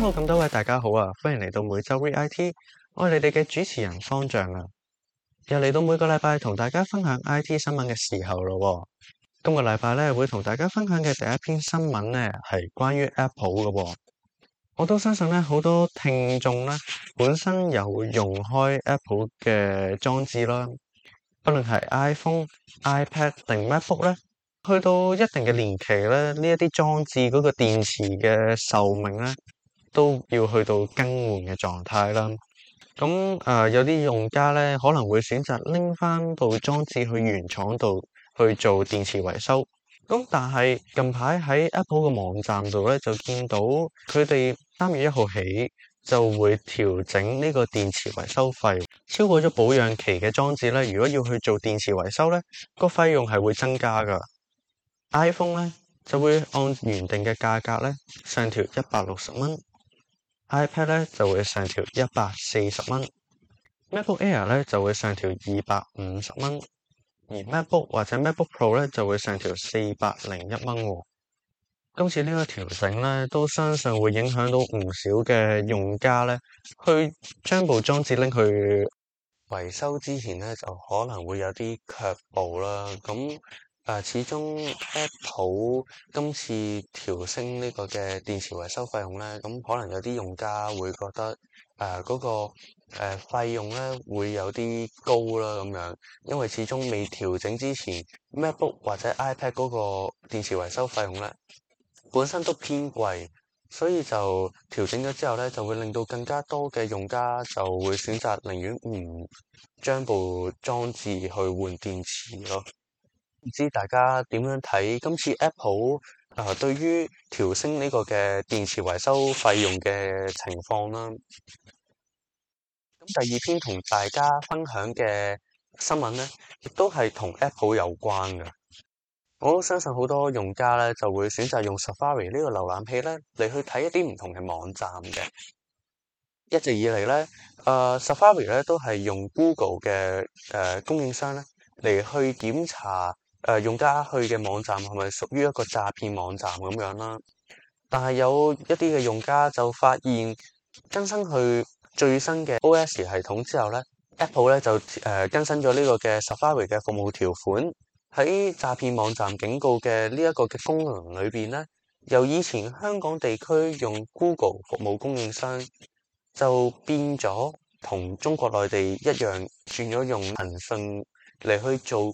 Hello 咁多位大家好啊，歡迎嚟到每週 Read IT，我係你哋嘅主持人方丈啊，又嚟到每個禮拜同大家分享 IT 新聞嘅時候咯。今個禮拜咧會同大家分享嘅第一篇新聞咧係關於 Apple 嘅。我都相信咧好多聽眾咧本身有用開 Apple 嘅裝置啦，不論係 iPhone、iPad 定 MacBook 咧，去到一定嘅年期咧，呢一啲裝置嗰個電池嘅壽命咧。都要去到更換嘅狀態啦。咁誒，有啲用家咧可能會選擇拎翻部裝置去原廠度去做電池維修。咁但係近排喺 Apple 嘅網站度咧就見到佢哋三月一號起就會調整呢個電池維修費。超過咗保養期嘅裝置咧，如果要去做電池維修咧，個費用係會增加噶。iPhone 咧就會按原定嘅價格咧上調一百六十蚊。iPad 咧就會上調一百四十蚊，MacBook Air 咧就會上調二百五十蚊，而 MacBook 或者 MacBook Pro 咧就會上調四百零一蚊。今次呢個調整咧都相信會影響到唔少嘅用家咧，去將部裝置拎去維修之前咧就可能會有啲卻步啦。咁。啊，始終 Apple 今次調升呢個嘅電池維修費用咧，咁可能有啲用家會覺得，啊、呃、嗰、嗰個、呃、費費用咧會有啲高啦咁樣，因為始終未調整之前 MacBook 或者 iPad 嗰個電池維修費用咧，本身都偏貴，所以就調整咗之後咧，就會令到更加多嘅用家就會選擇寧願唔將部裝置去換電池咯。唔知大家點樣睇今次 Apple 啊、呃，對於調升呢個嘅電池維修費用嘅情況啦。咁第二篇同大家分享嘅新聞咧，亦都係同 Apple 有關噶。我相信好多用家咧就會選擇用 Safari 呢個瀏覽器咧嚟去睇一啲唔同嘅網站嘅。一直以嚟咧，誒、呃、Safari 咧都係用 Google 嘅誒、呃、供應商咧嚟去檢查。誒、呃，用家去嘅網站係咪屬於一個詐騙網站咁樣啦？但係有一啲嘅用家就發現更新去最新嘅 OS 系統之後咧，Apple 咧就誒、呃、更新咗呢個嘅 Safari 嘅服務條款，喺詐騙網站警告嘅呢一個嘅功能裏邊咧，由以前香港地區用 Google 服務供應商就變咗同中國內地一樣，轉咗用騰訊嚟去做。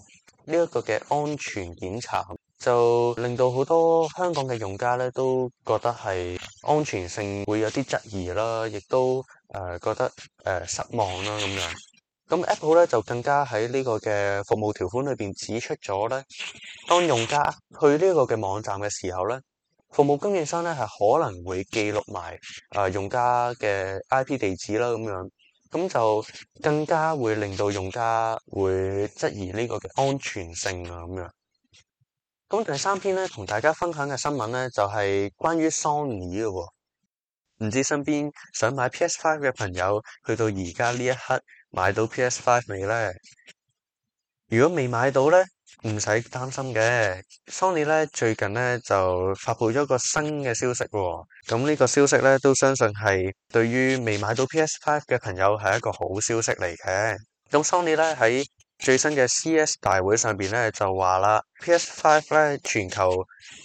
呢一個嘅安全檢查就令到好多香港嘅用家咧都覺得係安全性會有啲質疑啦，亦都誒覺得誒失望啦咁樣。咁 Apple 咧就更加喺呢個嘅服務條款裏邊指出咗咧，當用家去呢個嘅網站嘅時候咧，服務供應商咧係可能會記錄埋誒用家嘅 IP 地址啦咁樣。咁就更加會令到用家會質疑呢個嘅安全性啊，咁樣。咁第三篇咧，同大家分享嘅新聞咧，就係關於 Sony 嘅喎。唔知身邊想買 PS Five 嘅朋友，去到而家呢一刻買到 PS Five 未咧？如果未買到咧，唔使擔心嘅，Sony 咧最近咧就發佈咗個新嘅消息喎。咁呢個消息咧都相信係對於未買到 PS5 嘅朋友係一個好消息嚟嘅。咁 Sony 咧喺最新嘅 CES 大會上邊咧就話啦，PS5 咧全球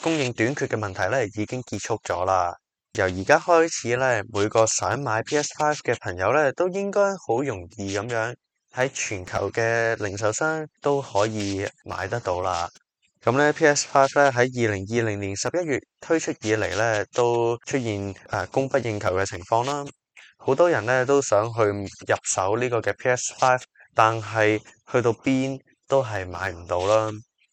供應短缺嘅問題咧已經結束咗啦。由而家開始咧，每個想買 PS5 嘅朋友咧都應該好容易咁樣。喺全球嘅零售商都可以買得到啦。咁咧，PS Five 咧，喺二零二零年十一月推出以嚟咧，都出現誒供不應求嘅情況啦。好多人咧都想去入手呢個嘅 PS Five，但係去到邊都係買唔到啦。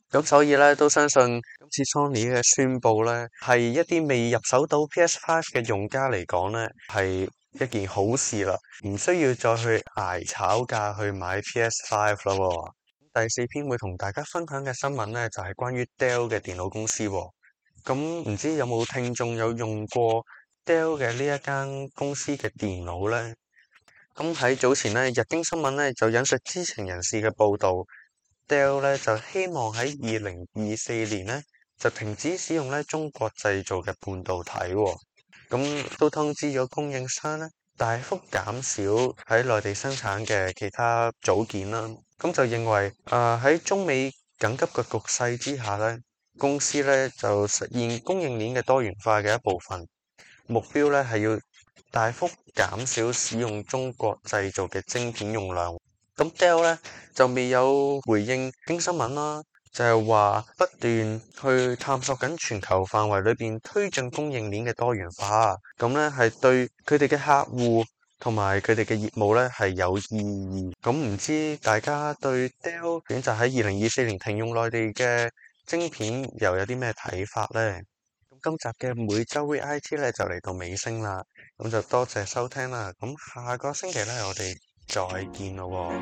咁所以咧，都相信今次 Sony 嘅宣布咧，係一啲未入手到 PS Five 嘅用家嚟講咧，係。一件好事啦，唔需要再去捱炒價去買 PS5 啦。第四篇會同大家分享嘅新聞咧，就係、是、關於 Dell 嘅電腦公司。咁、嗯、唔知有冇聽眾有用過 Dell 嘅呢一間公司嘅電腦咧？咁、嗯、喺早前咧，日經新聞咧就引述知情人士嘅報道，Dell 咧就希望喺二零二四年咧就停止使用咧中國製造嘅半導體。咁都通知咗供應商咧，大幅減少喺內地生產嘅其他組件啦。咁就認為，誒喺中美緊急嘅局勢之下咧，公司咧就實現供應鏈嘅多元化嘅一部分目標咧，係要大幅減少使用中國製造嘅晶片用量。咁 Dell 咧就未有回應經新聞啦。就係話不斷去探索緊全球範圍裏邊推進供應鏈嘅多元化，咁咧係對佢哋嘅客戶同埋佢哋嘅業務咧係有意義。咁唔知大家對 Dell 選擇喺二零二四年停用內地嘅晶片又有啲咩睇法呢？咁今集嘅每周 Read IT 咧就嚟到尾聲啦，咁就多謝收聽啦。咁下個星期咧我哋再見咯。